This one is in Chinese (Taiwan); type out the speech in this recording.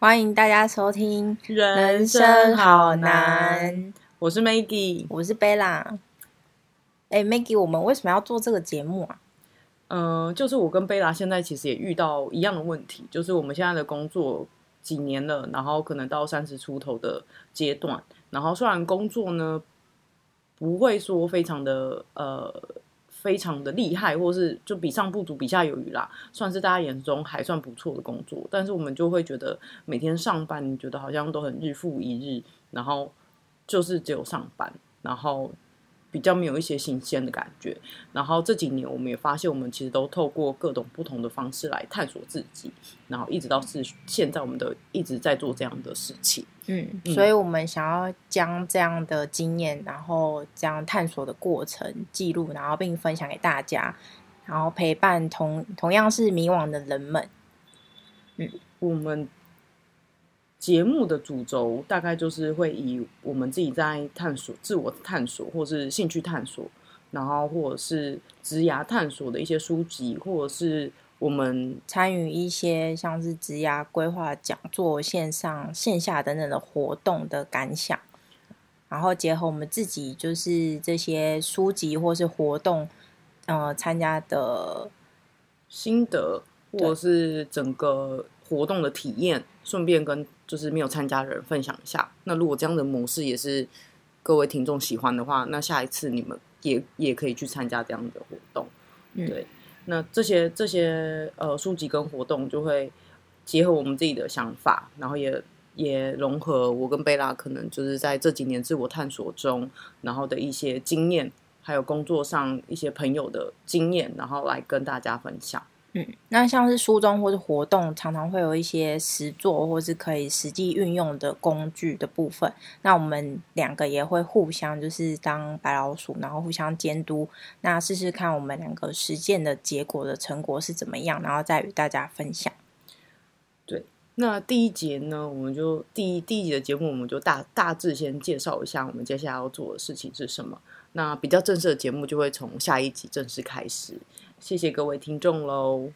歡迎大家收聽《人生好難》好難，我是 Maggie，我是 Bella。哎，Maggie，我們為什麼要做這個節目啊？嗯、呃，就是我跟貝拉現在其實也遇到一樣的問題，就是我們現在的工作幾年了，然後可能到三十出頭的階段，然後雖然工作呢不會說非常的呃。非常的厲害，或是就比上不足，比下有餘啦，算是大家眼中還算不錯的工作。但是我們就會覺得每天上班，你覺得好像都很日復一日，然後就是只有上班，然後。比較沒有一些新鮮的感覺，然後這幾年我們也發現，我們其實都透過各種不同的方式來探索自己，然後一直到是現在，我們都一直在做這樣的事情。嗯，所以我們想要將這樣的經驗，然後將探索的過程記錄，然後並分享給大家，然後陪伴同同樣是迷惘的人們。嗯，我們。節目的主軸大概就是會以我們自己在探索、自我探索，或是興趣探索，然後或者是職涯探索的一些書籍，或者是我們參與一些像是職涯規劃講座、線上、線下等等的活動的感想，然後結合我們自己就是這些書籍或是活動，呃，參加的心得，或是整個。活動的體驗，順便跟就是沒有參加的人分享一下。那如果這樣的模式也是各位聽眾喜歡的話，那下一次你們也也可以去參加這樣的活動。嗯、對，那這些這些呃書籍跟活動就會結合我們自己的想法，然後也也融合我跟貝拉可能就是在這幾年自我探索中，然後的一些經驗，還有工作上一些朋友的經驗，然後來跟大家分享。嗯，那像是書中或者活動，常常會有一些實作或是可以實際運用的工具的部分。那我們兩個也會互相就是當白老鼠，然後互相監督，那試試看我們兩個實踐的結果的成果是怎麼樣，然後再與大家分享。對，那第一節呢，我們就第一，第一集的節目，我們就大，大致先介紹一下我們接下來要做的事情是什麼。那比較正式的節目就會從下一集正式開始。謝謝各位聽眾嘍。